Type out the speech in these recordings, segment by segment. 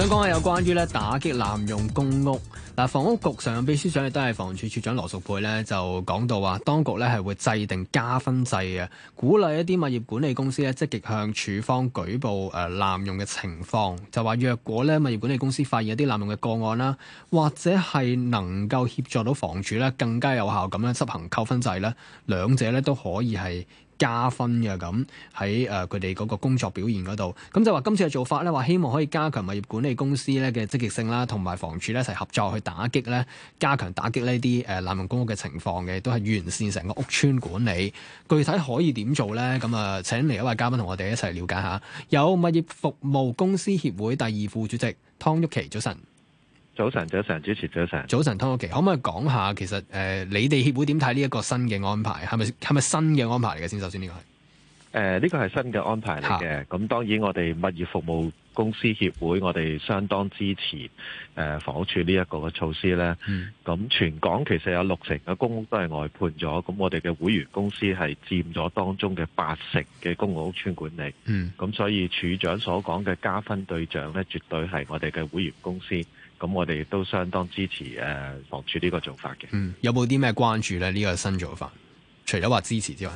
想講下有關於咧打擊濫用公屋嗱，房屋局上任秘書長亦都係房署署長羅淑佩呢就講到話，當局呢係會制定加分制，鼓勵一啲物業管理公司咧積極向署方舉報誒濫用嘅情況。就話若果物業管理公司發現一啲濫用嘅個案啦，或者係能夠協助到房署更加有效咁樣執行扣分制咧，兩者咧都可以係。加分嘅咁喺誒佢哋嗰個工作表現嗰度，咁就話今次嘅做法咧，話希望可以加強物業管理公司咧嘅積極性啦，同埋房署咧一齊合作去打擊咧，加強打擊呢啲誒濫用公屋嘅情況嘅，都係完善成個屋邨管理。具體可以點做咧？咁啊，請嚟一位嘉賓同我哋一齊了解下，有物業服務公司協會第二副主席湯毓祺，早晨。早晨，早晨主持，早晨早晨，湯毓祺可唔可以講下其實誒、呃，你哋協會點睇呢一個新嘅安排？係咪係咪新嘅安排嚟嘅先？首先呢個係。誒、呃，呢、這個係新嘅安排嚟嘅，咁當然我哋物業服務公司協會，我哋相當支持誒房署呢一個嘅措施呢咁，嗯、全港其實有六成嘅公屋都係外判咗，咁我哋嘅會員公司係佔咗當中嘅八成嘅公屋、屋邨管理。咁，嗯、所以署長所講嘅加分對象呢，絕對係我哋嘅會員公司。咁我哋亦都相當支持誒房署呢個做法嘅，嗯。有冇啲咩關注呢？呢、這個新做法，除咗話支持之外。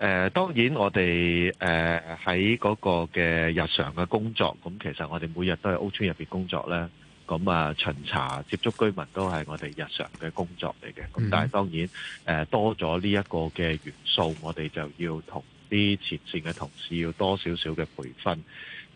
誒當然，我哋誒喺嗰個嘅日常嘅工作，咁其實我哋每日都喺屋邨入邊工作咧，咁啊巡查、接觸居民都係我哋日常嘅工作嚟嘅。咁但係當然誒多咗呢一個嘅元素，我哋就要同啲前線嘅同事要多少少嘅培訓，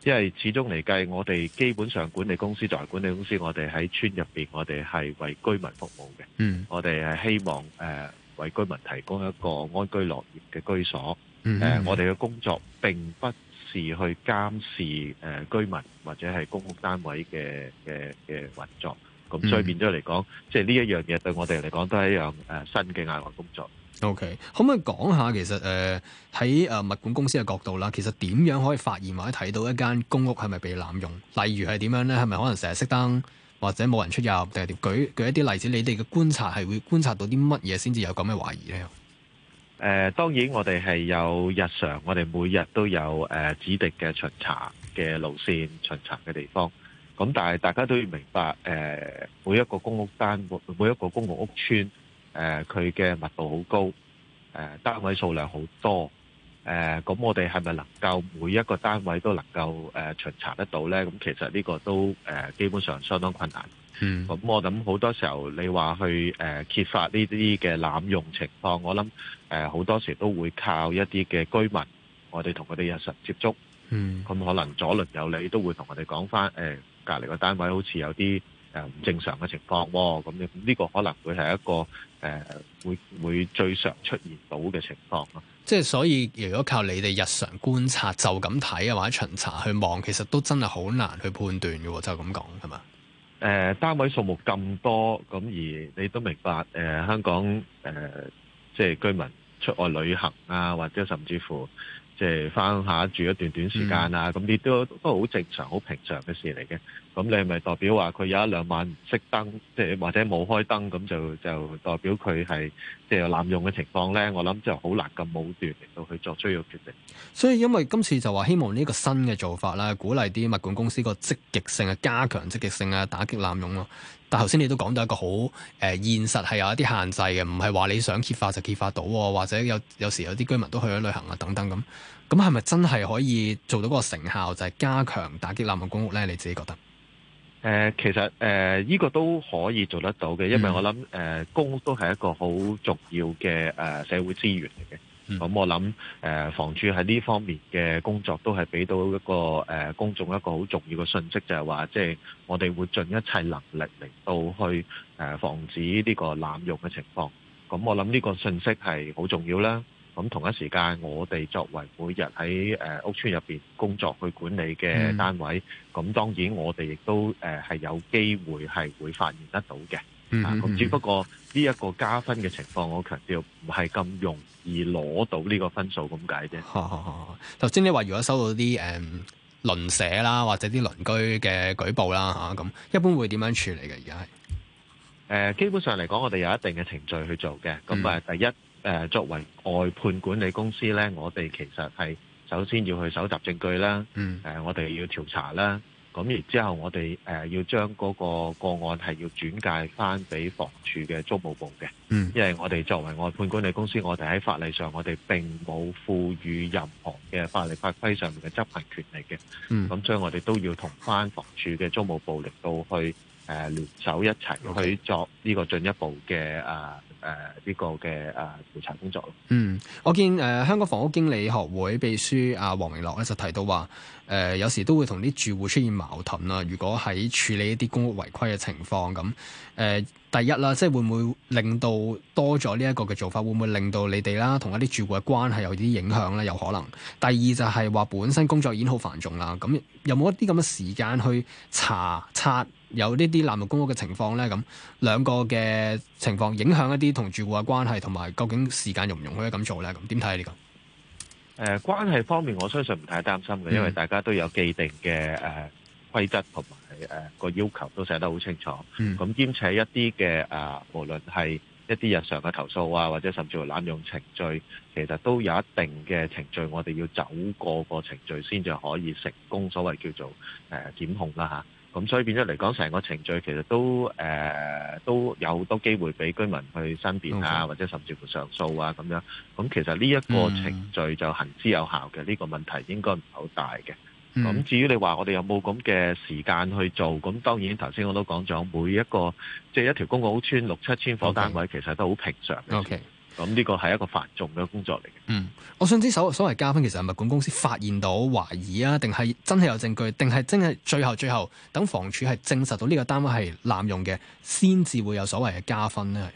因為始終嚟計，我哋基本上管理公司作為管理公司，我哋喺村入邊，我哋係為居民服務嘅。嗯，我哋係希望誒，為居民提供一個安居樂業嘅居所，誒、嗯嗯呃，我哋嘅工作並不是去監視誒居民或者係公屋單位嘅嘅嘅運作，咁所以變咗嚟講，即係呢一樣嘢對我哋嚟講都係一樣誒新嘅額外工作。O、okay, K，可唔可以講下其實誒喺誒物管公司嘅角度啦，其實點樣可以發現或者睇到一間公屋係咪被濫用？例如係點樣呢？係咪可能成日熄燈？或者冇人出入，定係舉舉一啲例子？你哋嘅觀察係會觀察到啲乜嘢先至有咁嘅懷疑呢？誒、呃，當然我哋係有日常，我哋每日都有誒指定嘅巡查嘅路線、巡查嘅地方。咁但係大家都要明白，誒、呃、每一個公屋單，每一個公共屋邨，佢、呃、嘅密度好高，誒、呃、單位數量好多。誒、呃，咁我哋係咪能夠每一個單位都能夠誒、呃、巡查得到呢？咁其實呢個都誒、呃、基本上相當困難。嗯，咁我諗好多時候你話去誒、呃、揭發呢啲嘅濫用情況，我諗誒好多時都會靠一啲嘅居民，我哋同佢哋日常接觸。嗯，咁可能左鄰右里都會同我哋講翻誒隔離個單位好似有啲。誒唔正常嘅情況喎，咁樣呢個可能會係一個誒、呃、會會最常出現到嘅情況咯。即係所以，如果靠你哋日常觀察就咁睇啊，或者巡查去望，其實都真係好難去判斷嘅喎。就咁講係嘛？誒、呃、單位數目咁多，咁而你都明白誒、呃、香港誒、呃、即係居民出外旅行啊，或者甚至乎。即係翻下住一段短時間啊，咁、嗯、啲都都好正常、好平常嘅事嚟嘅。咁你係咪代表話佢有一兩晚唔熄燈，即係或者冇開燈，咁就就代表佢係即係濫用嘅情況呢？我諗就好難咁武斷嚟到去作出一個決定。所以因為今次就話希望呢個新嘅做法啦，鼓勵啲物管公司個積極性啊，加強積極性啊，打擊濫用咯。但頭先你都講到一個好誒、呃、現實係有一啲限制嘅，唔係話你想揭發就揭發到喎，或者有有時有啲居民都去咗旅行啊等等咁，咁係咪真係可以做到個成效，就係、是、加強打擊濫用公屋咧？你自己覺得？呃、其實誒依、呃呢個都可以做得到嘅，因為我諗、呃、公屋都係一個好重要嘅、呃、社會資源嚟嘅。咁、嗯、我諗，誒、呃，房署喺呢方面嘅工作都係俾到一個誒公眾一個好重要嘅信息，就係話，即係我哋會盡一切能力嚟到去誒防止呢個濫用嘅情況。咁我諗呢個信息係好重要啦。咁同一時間，我哋作為每日喺誒屋邨入邊工作去管理嘅單位，咁、嗯、當然我哋亦都誒係有機會係會發現得到嘅。咁、嗯嗯嗯、只不過呢一個加分嘅情況，我強調唔係咁容易攞到呢個分數咁解啫。頭先你話如果收到啲誒、嗯、鄰舍啦或者啲鄰居嘅舉報啦嚇咁，啊、一般會點樣處理嘅？而家係誒基本上嚟講，我哋有一定嘅程序去做嘅。咁啊、嗯，第一誒、呃、作為外判管理公司咧，我哋其實係首先要去搜集證據啦。嗯。誒、呃，我哋要調查啦。咁然之後，我哋誒要將嗰個個案係要轉介翻俾房署嘅租務部嘅，因為我哋作為外判管理公司，我哋喺法例上，我哋並冇賦予任何嘅法例法規上面嘅執行權力嘅。咁所以我哋都要同翻房署嘅租務部嚟到去誒聯手一齊去作呢個進一步嘅啊。誒呢個嘅誒調查工作嗯，我見誒、呃、香港房屋經理學會秘書啊，黃明樂咧就提到話，誒、呃、有時都會同啲住戶出現矛盾啦。如果喺處理一啲公屋違規嘅情況咁，誒、呃、第一啦，即係會唔會令到多咗呢一個嘅做法，會唔會令到你哋啦同一啲住戶嘅關係有啲影響咧？有可能。第二就係話本身工作已經好繁重啦，咁有冇一啲咁嘅時間去查察？查有呢啲濫用公屋嘅情況咧，咁兩個嘅情況影響一啲同住戶嘅關係同埋究竟時間容唔容許咁做咧？咁點睇啊？呢個誒關係方面，我相信唔太擔心嘅，因為大家都有既定嘅誒、呃、規則同埋誒個要求都寫得好清楚。咁、嗯、兼且一啲嘅誒，無論係一啲日常嘅投訴啊，或者甚至係濫用程序，其實都有一定嘅程序，我哋要走過個程序先至可以成功，所謂叫做誒檢、呃、控啦、啊、吓。咁所以變咗嚟講，成個程序其實都誒、呃、都有好多機會俾居民去申辯啊，okay。或者甚至乎上訴啊咁樣。咁其實呢一個程序就行之有效嘅，呢、mm。個問題應該唔係好大嘅。咁至於你話我哋有冇咁嘅時間去做，咁當然頭先我都講咗，每一個即係一條公共屋邨六七千個單位，其實都好平常嘅咁呢個係一個繁重嘅工作嚟嘅。嗯，我想知所所謂加分，其實係物管公司發現到懷疑啊，定係真係有證據，定係真係最後最後等房署係證實到呢個單位係濫用嘅，先至會有所謂嘅加分呢？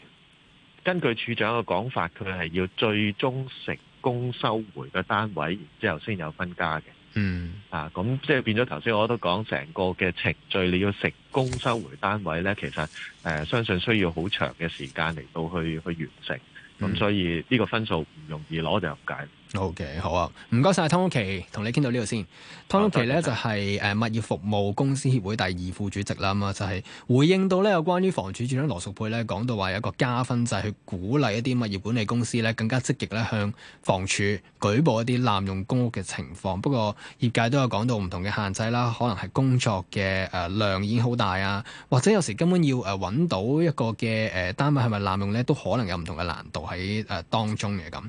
根據處長嘅講法，佢係要最終成功收回個單位，然之後先有分加嘅。嗯。啊，咁即係變咗頭先我都講，成個嘅程序你要成功收回單位呢，其實誒、呃，相信需要好長嘅時間嚟到去去完成。咁、嗯、所以呢個分數唔容易攞就咁解。好、okay, k 好啊，唔該晒湯毓祺，同你傾到呢度先。湯毓祺呢就係誒物業服務公司協會第二副主席啦嘛，就係、是、回應到呢，有關於房署署長羅淑佩呢講到話有一個加分制去鼓勵一啲物業管理公司呢更加積極咧向房署舉報一啲濫用公屋嘅情況。不過業界都有講到唔同嘅限制啦，可能係工作嘅誒量已經好大啊，或者有時根本要誒揾到一個嘅誒單位係咪濫用呢都可能有唔同嘅難度喺誒當中嘅咁。